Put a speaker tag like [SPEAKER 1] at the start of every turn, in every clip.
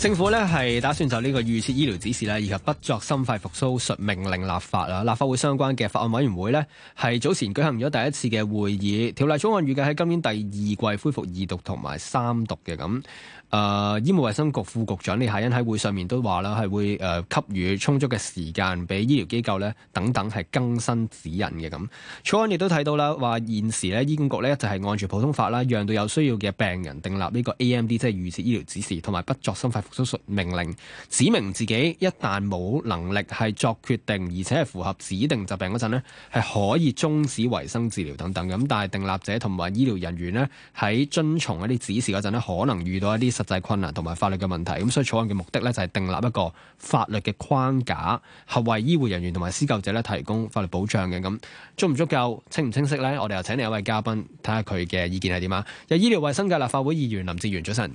[SPEAKER 1] 政府呢係打算就呢個預設醫療指示呢，以及不作心肺復甦術命令立法啦，立法會相關嘅法案委員會呢，係早前舉行咗第一次嘅會議。條例草案預計喺今年第二季恢復二讀同埋三讀嘅咁。誒、呃，醫務衛生局副局長李夏欣喺會上面都話啦，係會誒、呃、給予充足嘅時間俾醫療機構呢等等係更新指引嘅咁。草案亦都睇到啦，話現時呢醫管局呢就係、是、按住普通法啦，讓到有需要嘅病人訂立呢個 AMD，即係預設醫療指示同埋不作心肺命令，指明自己一旦冇能力係作決定，而且係符合指定疾病嗰陣咧，係可以終止維生治療等等。咁但係訂立者同埋醫療人員咧，喺遵從一啲指示嗰陣咧，可能遇到一啲實際困難同埋法律嘅問題，咁所以草案嘅目的咧，就係訂立一個法律嘅框架，係為醫護人員同埋施救者咧提供法律保障嘅。咁足唔足夠清唔清晰咧？我哋又請另一位嘉賓睇下佢嘅意見係點啊。有醫療衛生界立法會議員林哲玄，早晨。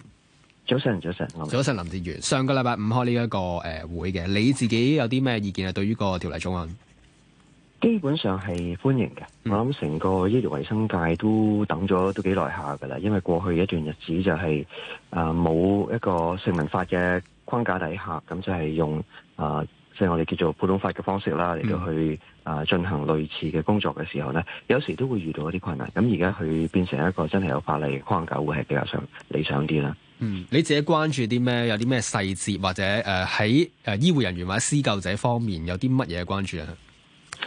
[SPEAKER 1] 早晨，早晨。早晨，林哲玄，上個禮拜五開呢一個誒會嘅，你自己有啲咩意見啊？對於個條例草案，
[SPEAKER 2] 基本上係歡迎嘅。我諗成個醫療衛生界都等咗都幾耐下噶啦，因為過去一段日子就係啊冇一個成文法嘅框架底下，咁就係用啊即係我哋叫做普通法嘅方式啦，嚟到去啊進行類似嘅工作嘅時候咧，嗯、有時都會遇到一啲困難。咁而家佢變成一個真係有法例框架，會係比較上理想啲啦。
[SPEAKER 1] 嗯，你自己關注啲咩？有啲咩細節或者誒喺誒醫護人員或者施救者方面有啲乜嘢關注啊？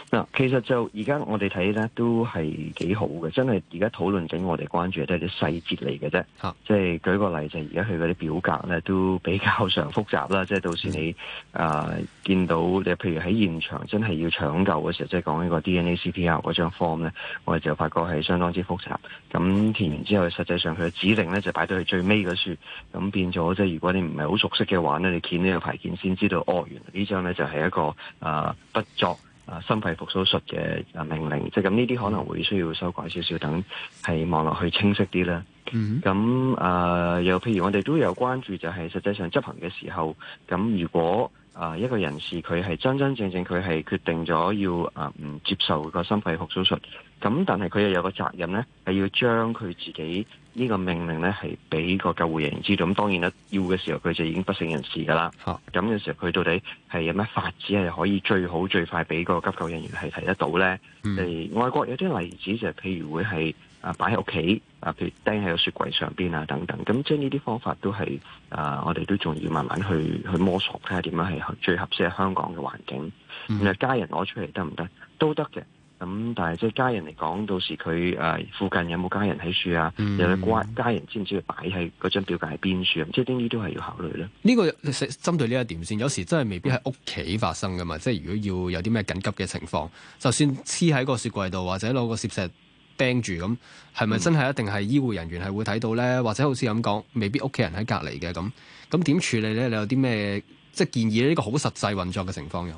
[SPEAKER 2] 嗱，其實就而家我哋睇咧，都係幾好嘅，真係而家討論緊我哋關注嘅都係啲細節嚟嘅啫。即係、啊、舉個例，就而家佢嗰啲表格咧都比較上複雜啦。即係到時你啊、呃、見到你，即譬如喺現場真係要搶救嘅時候，即係講呢個 DNACPR 嗰張 form 咧，我哋就發覺係相當之複雜。咁填完之後，實際上佢嘅指令咧就擺到去最尾嘅處，咁變咗即係如果你唔係好熟悉嘅話咧，你見呢個牌件先知道哦，原來呢張咧就係一個啊、呃、不作。啊，心肺復甦術嘅啊命令，即係咁呢啲可能會需要修改少少，等係望落去清晰啲啦。咁啊、mm hmm. 呃，又譬如我哋都有關注，就係實際上執行嘅時候，咁如果啊、呃、一個人士佢係真真正正佢係決定咗要啊唔、呃、接受個心肺復甦術。咁但係佢又有個責任咧，係要將佢自己呢個命令咧，係俾個救護人員知道。咁當然啦，要嘅時候佢就已經不省人事㗎啦。咁嘅、啊、時候佢到底係有咩法子係可以最好最快俾個急救人員係睇得到咧？誒、嗯，外國有啲例子就係譬如會係啊擺喺屋企啊，譬如釘喺個雪櫃上邊啊等等。咁即係呢啲方法都係啊、呃，我哋都仲要慢慢去去摸索，睇下點樣係最合適喺香港嘅環境。嗯、然後家人攞出嚟得唔得？都得嘅。咁但係即係家人嚟講，到時佢誒附近有冇家人喺處啊？嗯、有冇家家人知唔知道擺喺嗰張表格喺邊處啊？即係呢啲都係要
[SPEAKER 1] 考慮咧。呢、這個針對呢一點先，有時真係未必喺屋企發生噶嘛。嗯、即係如果要有啲咩緊急嘅情況，就算黐喺個雪櫃度，或者攞個攝石釘住咁，係咪真係一定係醫護人員係會睇到咧？或者好似咁講，未必屋企人喺隔籬嘅咁，咁點處理咧？你有啲咩即係建議呢？一個好實際運作嘅情況又？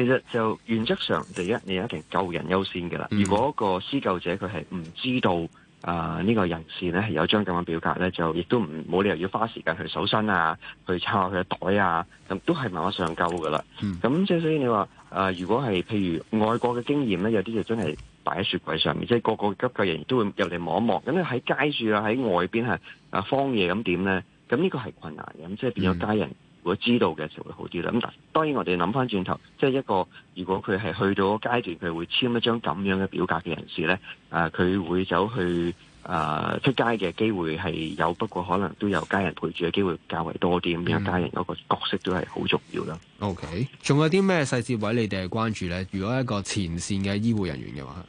[SPEAKER 2] 其實就原則上第一，你一定救人優先嘅啦。嗯、如果個施救者佢係唔知道啊呢、呃呢個人士咧係有張咁嘅表格咧，就亦都唔冇理由要花時間去搜身啊，去抄下佢嘅袋啊，咁、嗯、都係馬馬上救嘅啦。咁即係所以你話誒、呃，如果係譬如外國嘅經驗咧，有啲就真係擺喺雪櫃上面，即係個個急救人員都會入嚟望一望。咁咧喺街住啊，喺外邊係啊荒野咁點咧，咁呢個係困難嘅。咁即係變咗家人、嗯。如果知道嘅就會好啲啦。咁嗱，當然我哋諗翻轉頭，即係一個如果佢係去到個階段，佢會簽一張咁樣嘅表格嘅人士咧，誒、呃、佢會走去誒、呃、出街嘅機會係有，不過可能都有家人陪住嘅機會較為多啲。咁樣家人嗰個角色都係好重要啦。
[SPEAKER 1] OK，仲有啲咩細節位你哋係關注咧？如果一個前線嘅醫護人員嘅話。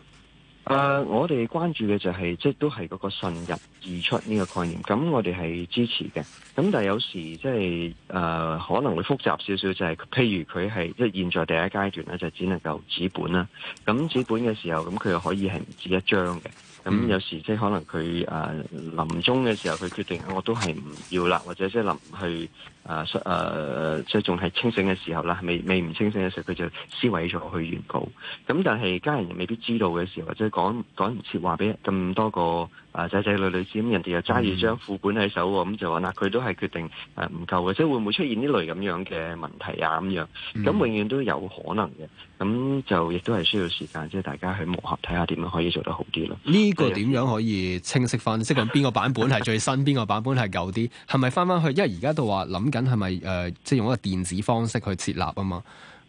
[SPEAKER 1] 誒，uh,
[SPEAKER 2] 我哋關注嘅就係、是、即係都係嗰個順入而出呢個概念，咁我哋係支持嘅。咁但係有時即係誒、呃，可能會複雜少少，就係、是、譬如佢係即係現在第一階段咧，就只能夠紙本啦。咁紙本嘅時候，咁佢又可以係唔止一張嘅。咁、嗯、有時即係可能佢誒、呃、臨終嘅時候，佢決定我都係唔要啦，或者即係臨去誒誒、呃、即係仲係清醒嘅時候啦，未未唔清醒嘅時候，佢就撕毀咗去原稿。咁但係家人又未必知道嘅時候，即係講講唔切話俾咁多個啊仔仔女女知，咁人哋又揸住張副本喺手喎，咁、嗯、就話嗱佢都係決定誒唔、呃、夠嘅，即係會唔會出現呢類咁樣嘅問題啊？咁樣咁、嗯、永遠都有可能嘅，咁就亦都係需要時間，即係大家去磨合，睇下點樣可以做得好啲咯。
[SPEAKER 1] 呢個點樣可以清晰分析係講邊個版本係最新，邊 個版本係舊啲？係咪翻翻去？因為而家都話諗緊係咪誒，即係用一個電子方式去設立啊嘛？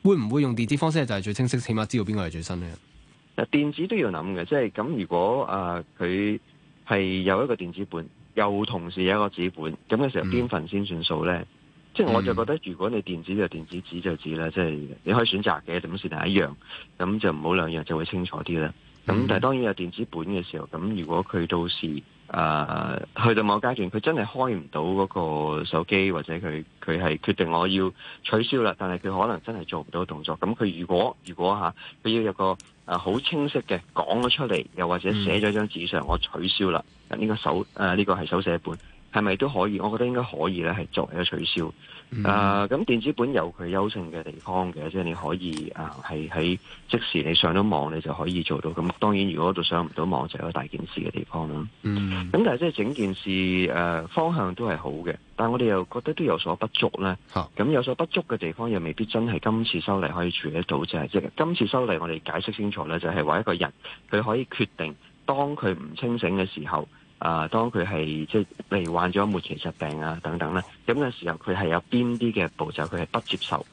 [SPEAKER 1] 會唔會用電子方式就係最清晰？起碼知道邊個係最新咧？
[SPEAKER 2] 嗱，電子都要諗嘅，即係咁。如果啊，佢、呃、係有一個電子本，又同時有一個紙本，咁嘅時候邊份先算數咧？嗯、即係我就覺得，如果你電子就電子，紙就紙啦，即係、嗯、你可以選擇嘅，點算但係一樣，咁就唔好兩樣，就，兩樣就會清楚啲啦。咁、嗯、但係當然有電子本嘅時候，咁如果佢到時誒、呃、去到某階段，佢真係開唔到嗰個手機，或者佢佢係決定我要取消啦，但係佢可能真係做唔到動作。咁佢如果如果嚇，佢、啊、要有個誒好、呃、清晰嘅講咗出嚟，又或者寫咗張紙上，我取消啦。呢、呢個手誒呢、呃呢個係手寫本。係咪都可以？我覺得應該可以咧，係作為一個取消。啊、嗯，咁、呃、電子本有佢優勝嘅地方嘅，即、就、係、是、你可以啊，係、呃、喺即時你上到網，你就可以做到。咁當然，如果度上唔到網就係一個大件事嘅地方啦。嗯。咁但係即係整件事誒、呃、方向都係好嘅，但係我哋又覺得都有所不足咧。咁、啊、有所不足嘅地方又未必真係今次修例可以處理得到，就係即係今次修例我哋解釋清楚咧，就係、是、話一個人佢可以決定當佢唔清醒嘅時候。啊！當佢係即係例如患咗末期疾病啊，等等咧，咁嘅時候佢係有邊啲嘅步驟佢係不接受。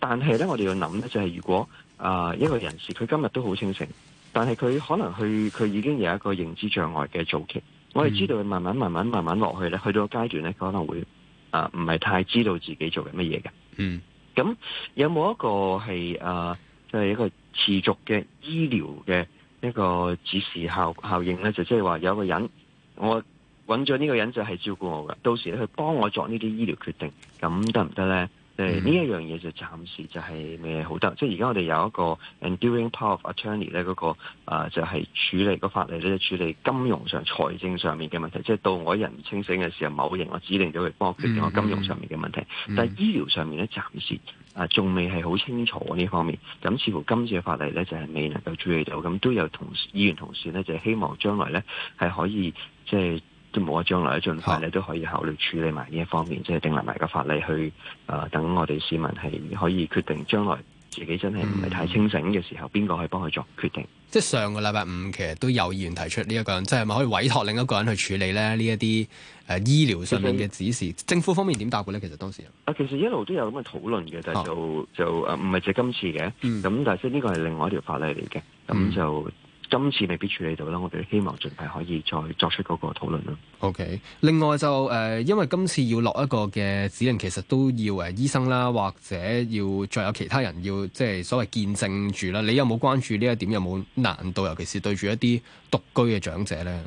[SPEAKER 2] 但係咧，我哋要諗咧就係、是，如果啊、呃、一個人士佢今日都好清醒，但係佢可能佢佢已經有一個認知障礙嘅早期，我哋知道佢慢慢慢慢慢慢落去咧，去到個階段咧佢可能會啊唔係太知道自己做緊乜嘢嘅。嗯。咁有冇一個係啊、呃，就係、是、一個持續嘅醫療嘅一個指示效效應咧？就即係話有個人。我揾咗呢個人就係照顧我嘅，到時咧佢幫我作呢啲醫療決定，咁得唔得呢？誒呢一樣嘢就暫時就係未好得，即係而家我哋有一個 Enduring Power of Attorney 咧、那個，嗰、呃、個就係、是、處理、那個法例咧，處理金融上財政上面嘅問題，即係到我人唔清醒嘅時候，某人我指定咗去幫佢定我金融上面嘅問題。嗯嗯、但係醫療上面咧，暫時啊、呃、仲未係好清楚呢方面。咁似乎今次嘅法例咧，就係、是、未能夠處理到。咁都有同事議員同事咧，就是、希望將來咧係可以即係。就是都冇啊！將來咧，儘快你都可以考慮處理埋呢一方面，哦、即係訂立埋個法例去，誒、呃、等我哋市民係可以決定將來自己真係唔係太清醒嘅時候，邊個、嗯、可以幫佢作決定？
[SPEAKER 1] 即係上個禮拜五，其實都有議員提出呢一個人，即係咪可以委託另一個人去處理咧呢一啲誒醫療上面嘅指示？其實、政府方面點答嘅咧？其實當時有
[SPEAKER 2] 啊，其實一路都有咁嘅討論嘅，但係就、哦、就誒唔係只今次嘅，咁、嗯、但係即呢個係另外一條法例嚟嘅，咁就。今次未必處理到啦，我哋希望盡快可以再作出嗰個討論啦，OK，
[SPEAKER 1] 另外就誒、呃，因為今次要落一個嘅指引，其實都要誒、呃、醫生啦，或者要再有其他人要即係所謂見證住啦。你有冇關注呢一點？有冇難度？尤其是對住一啲獨居嘅長者咧？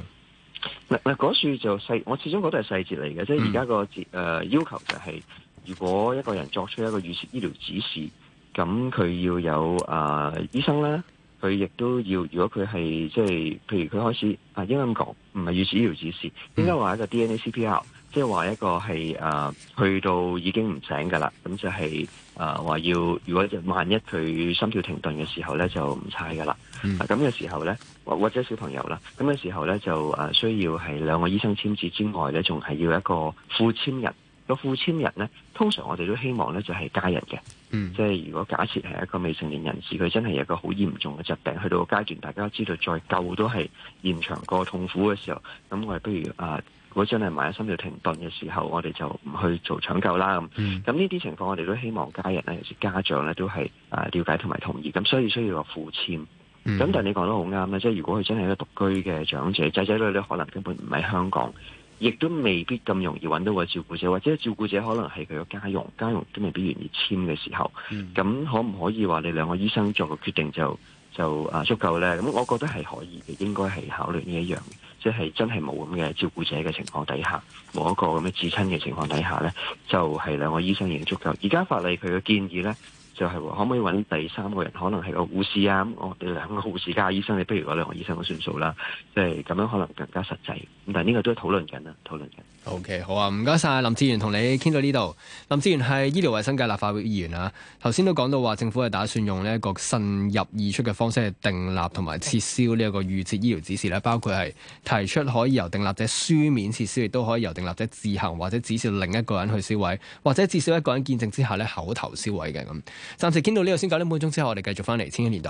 [SPEAKER 1] 嗱
[SPEAKER 2] 嗱，嗰處就細，我始終覺得都係細節嚟嘅。即係而家個誒要求就係、是，如果一個人作出一個預設醫療指示，咁佢要有誒、呃、醫生啦。佢亦都要，如果佢係即係，譬如佢開始啊，應該咁講，唔係預設醫療指示，應該話一個 DNA CPR，即係話一個係啊、呃，去到已經唔醒噶啦，咁就係啊話要，如果就萬一佢心跳停頓嘅時候咧，就唔差噶啦。咁嘅、嗯啊、時候咧，或或者小朋友啦，咁嘅時候咧就啊需要係兩個醫生簽字之外咧，仲係要一個副簽人。個副簽人咧，通常我哋都希望咧就係家人嘅，嗯、即係如果假設係一個未成年人士，佢真係有個好嚴重嘅疾病，去到個階段大家知道再救都係延長個痛苦嘅時候，咁我哋不如啊、呃，如果真係萬一心跳停頓嘅時候，我哋就唔去做搶救啦。咁咁呢啲情況我哋都希望家人咧，尤其家長咧，都係啊瞭解同埋同意。咁所以需要個副簽。咁、嗯、但係你講得好啱咧，即係如果佢真係一個獨居嘅長者，仔仔女女可能根本唔喺香港。亦都未必咁容易揾到個照顧者，或者照顧者可能係佢嘅家傭，家傭都未必願意簽嘅時候，咁、嗯、可唔可以話你兩個醫生作個決定就就啊足夠咧？咁我覺得係可以嘅，應該係考慮呢一樣，即、就、係、是、真係冇咁嘅照顧者嘅情況底下，冇一個咁嘅至親嘅情況底下咧，就係、是、兩個醫生已經足夠。而家法例佢嘅建議咧。就係可唔可以揾第三個人，可能係個護士啊？我哋兩個護士加醫生，你不如攞兩個醫生都算數啦。即係咁樣可能更加實際。咁但係呢個都喺度討論緊啦，
[SPEAKER 1] 討論緊。O、okay, K. 好啊，唔該晒。林哲玄，同你傾到呢度。林哲玄係醫療衞生界立法會議員啊。頭先都講到話，政府係打算用呢一個慎入易出嘅方式去訂立同埋撤銷呢一個預設醫療指示咧，包括係提出可以由訂立者書面撤銷，亦都可以由訂立者自行或者指示另一個人去銷毀，或者至少一個人見證之下咧，口頭銷毀嘅咁。暫時傾到呢度先，九點半鐘之後，我哋繼續翻嚟《千禧年代》。